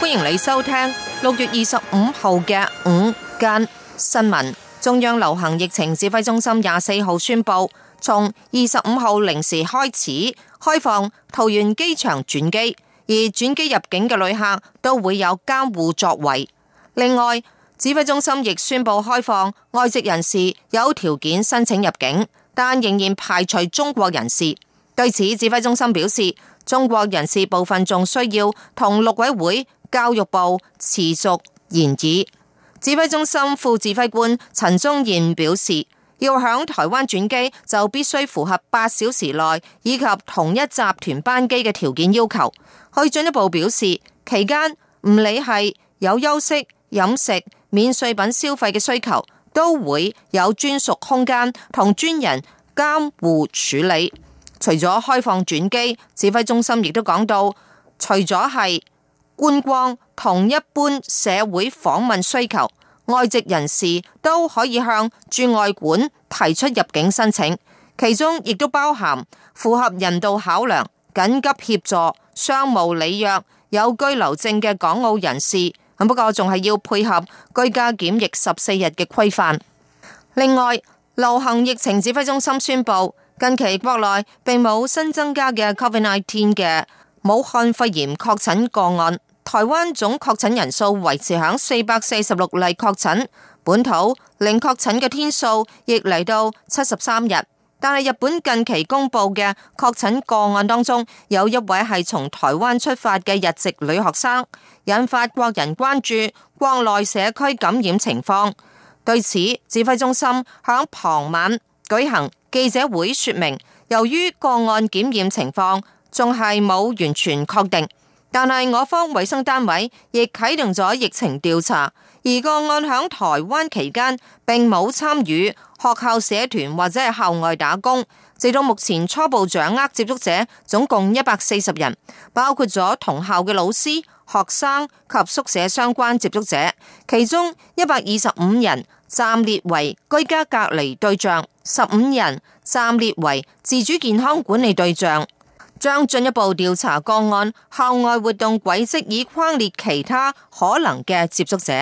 歡迎你收聽六月二十五號嘅午間新聞。中央流行疫情指揮中心廿四號宣布，從二十五號零時開始開放桃園機場轉機，而轉機入境嘅旅客都會有監護作為。另外，指揮中心亦宣布開放外籍人士有條件申請入境，但仍然排除中國人士。對此，指揮中心表示，中國人士部分仲需要同陸委會。教育部持續研議，指揮中心副指揮官陳宗彥表示，要響台灣轉機就必須符合八小時內以及同一集團班機嘅條件要求。可以進一步表示，期間唔理係有休息、飲食、免稅品消費嘅需求，都會有專屬空間同專人監護處理。除咗開放轉機，指揮中心亦都講到，除咗係觀光同一般社會訪問需求，外籍人士都可以向駐外館提出入境申請，其中亦都包含符合人道考量、緊急協助、商務履約、有居留證嘅港澳人士。咁不過仲係要配合居家檢疫十四日嘅規範。另外，流行疫情指揮中心宣布，近期國內並冇新增加嘅 Covid nineteen 嘅武漢肺炎確診個案。台灣總確診人數維持喺四百四十六例確診，本土零確診嘅天數亦嚟到七十三日。但係日本近期公布嘅確診個案當中，有一位係從台灣出發嘅日籍女學生，引發國人關注國內社區感染情況。對此，指揮中心響傍晚舉行記者會說明，由於個案檢驗情況仲係冇完全確定。但係我方衛生單位亦啟動咗疫情調查，而個案響台灣期間並冇參與學校社團或者係校外打工，直到目前初步掌握接觸者總共一百四十人，包括咗同校嘅老師、學生及宿舍相關接觸者，其中一百二十五人暫列為居家隔離對象，十五人暫列為自主健康管理對象。將進一步調查個案，校外活動軌跡以框列其他可能嘅接觸者。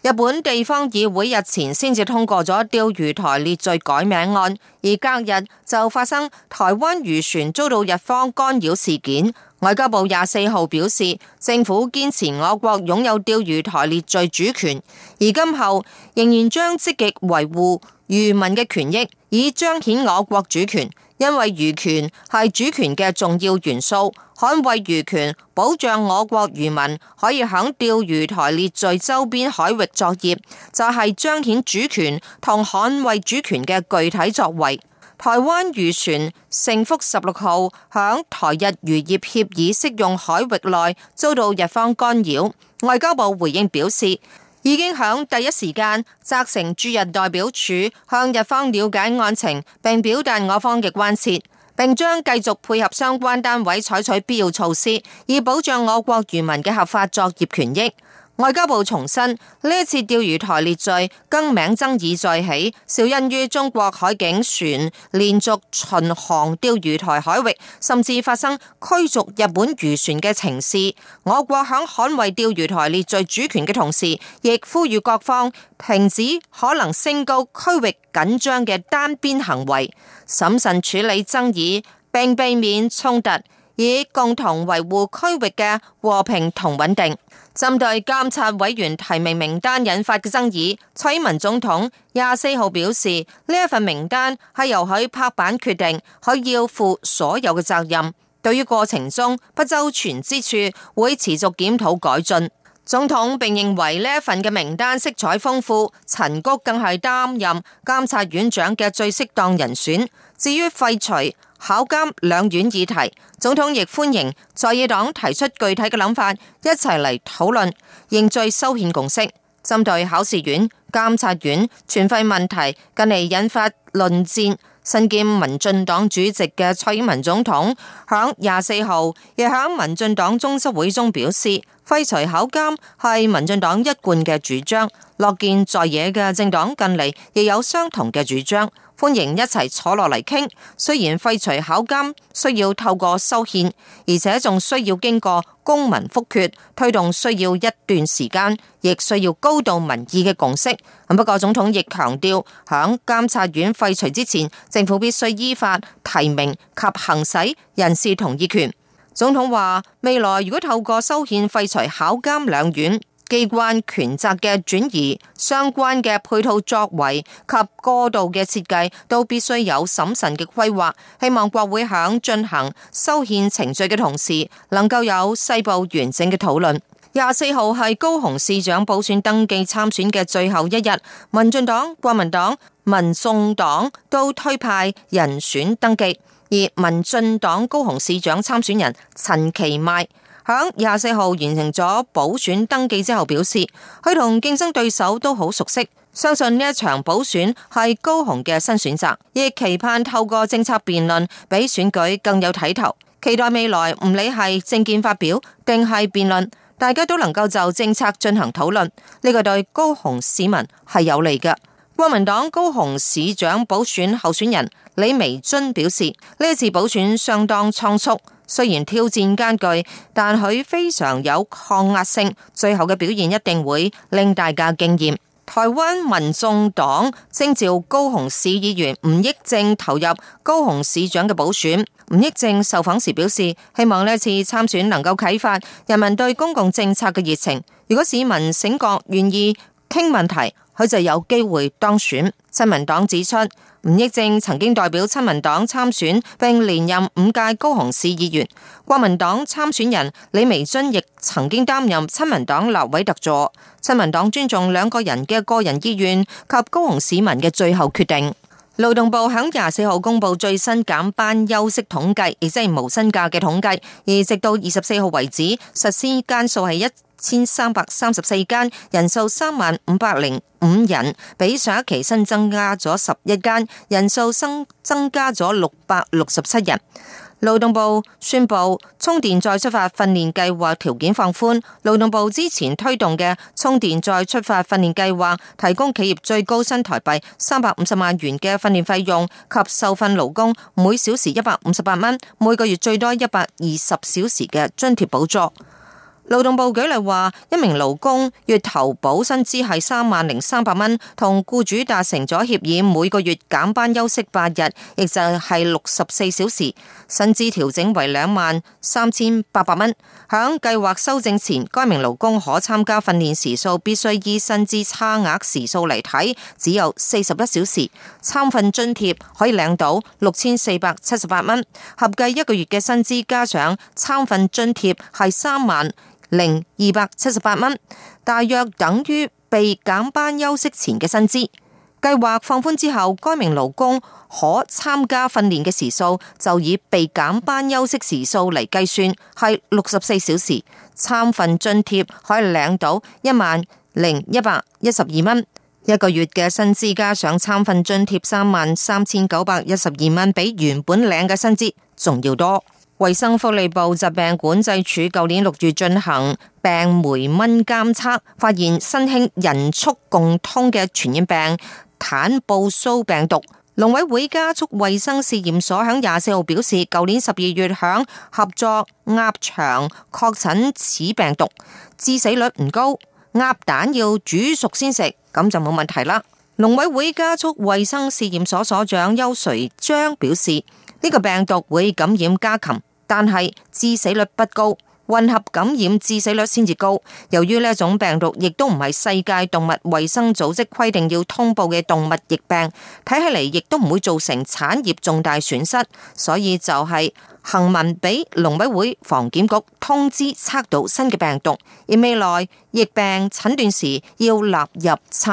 日本地方議會日前先至通過咗釣魚台列嶼改名案，而隔日就發生台灣漁船遭到日方干擾事件。外交部廿四號表示，政府堅持我國擁有釣魚台列嶼主權，而今後仍然將積極維護漁民嘅權益，以彰顯我國主權。因為漁權係主權嘅重要元素，捍衛漁權，保障我國漁民可以響釣魚台列嶼周邊海域作業，就係、是、彰顯主權同捍衛主權嘅具體作為。台灣漁船勝福十六號響台日漁業協議適用海域內遭到日方干擾，外交部回應表示，已經響第一時間責成駐日代表處向日方了解案情，並表達我方嘅關切，並將繼續配合相關單位採取必要措施，以保障我國漁民嘅合法作業權益。外交部重申，呢次釣魚台列嶼更名爭議再起，肇因於中國海警船連續巡航釣魚台海域，甚至發生驅逐日本漁船嘅情事。我國響捍衛釣魚台列嶼主權嘅同時，亦呼籲各方停止可能升高區域緊張嘅單邊行為，審慎處理爭議，並避免衝突，以共同維護區域嘅和平同穩定。針對監察委員提名名單引發嘅爭議，蔡文總統廿四號表示，呢一份名單係由佢拍板決定，佢要負所有嘅責任。對於過程中不周全之處，會持續檢討改進。總統並認為呢一份嘅名單色彩豐富，陳菊更係擔任監察院長嘅最適當人選。至於廢除考監兩院議題，總統亦歡迎在野黨提出具體嘅諗法，一齊嚟討論，凝聚修憲共識。針對考試院、監察院存廢問題，近嚟引發論戰。新兼民進黨主席嘅蔡英文總統，響廿四號亦響民進黨中執會中表示，廢除考監係民進黨一貫嘅主張，樂見在野嘅政黨近嚟亦有相同嘅主張。歡迎一齊坐落嚟傾。雖然廢除考監需要透過修憲，而且仲需要經過公民複決，推動需要一段時間，亦需要高度民意嘅共識。不過總統亦強調，響監察院廢除之前，政府必須依法提名及行使人事同意權。總統話：未來如果透過修憲廢除考監兩院。機關權責嘅轉移、相關嘅配套作為及過渡嘅設計，都必須有審慎嘅規劃。希望國會響進行修憲程序嘅同時，能夠有細部完整嘅討論。廿四號係高雄市長補選登記參選嘅最後一日，民進黨、國民黨、民眾黨都推派人選登記，而民進黨高雄市長參選人陳其邁喺廿四號完成咗補選登記之後，表示佢同競爭對手都好熟悉，相信呢一場補選係高雄嘅新選擇，亦期盼透過政策辯論比選舉更有睇頭。期待未來唔理係政見發表定係辯論，大家都能夠就政策進行討論，呢個對高雄市民係有利嘅。國民黨高雄市長補選候選人李眉蓁表示，呢一次補選相當倉促。雖然挑戰艱巨，但佢非常有抗壓性，最後嘅表現一定會令大家驚艷。台灣民眾黨徵召高雄市議員吳益政投入高雄市長嘅補選。吳益政受訪時表示，希望呢次參選能夠啟發人民對公共政策嘅熱情。如果市民醒覺，願意傾問題，佢就有機會當選。親民黨指出，吳益政曾經代表親民黨參選並連任五屆高雄市議員，國民黨參選人李眉蓁亦曾經擔任親民黨立委特助。親民黨尊重兩個人嘅個人意願及高雄市民嘅最後決定。勞動部喺廿四號公布最新減班休息統計，亦即係無薪假嘅統計。而直到二十四號為止，實施間數係一千三百三十四間，人數三萬五百零五人，比上一期新增加咗十一間，人數新增加咗六百六十七人。勞動部宣布，充電再出發訓練計劃條件放寬。勞動部之前推動嘅充電再出發訓練計劃，提供企業最高新台幣三百五十萬元嘅訓練費用及受訓勞工每小時一百五十八蚊，每個月最多一百二十小時嘅津貼補助。勞動部舉例話，一名勞工月投保薪資係三萬零三百蚊，同雇主達成咗協議，每個月減班休息八日，亦就係六十四小時，薪資調整為兩萬三千八百蚊。響計劃修正前，該名勞工可參加訓練時數必須以薪資差額時數嚟睇，只有四十一小時，參訓津貼可以領到六千四百七十八蚊，合計一個月嘅薪資加上參訓津貼係三萬。零二百七十八蚊，大約等於被減班休息前嘅薪資。計劃放寬之後，該名勞工可參加訓練嘅時數就以被減班休息時數嚟計算，係六十四小時。參訓津貼可以領到一萬零一百一十二蚊，一個月嘅薪資加上參訓津貼三萬三千九百一十二蚊，比原本領嘅薪資仲要多。衛生福利部疾病管制署舊年六月進行病媒蚊監測，發現新興人畜共通嘅傳染病坦布蘇病毒。農委會加速衛生試驗所響廿四號表示，舊年十二月響合作鴨場確診此病毒，致死率唔高，鴨蛋要煮熟先食，咁就冇問題啦。農委會加速衛生試驗所所長邱瑞章表示，呢個病毒會感染家禽。但係致死率不高，混合感染致死率先至高。由於呢一種病毒亦都唔係世界動物衛生組織規定要通報嘅動物疫病，睇起嚟亦都唔會造成產業重大損失。所以就係行文俾農委會防檢局通知測到新嘅病毒，而未來疫病診斷時要納入測。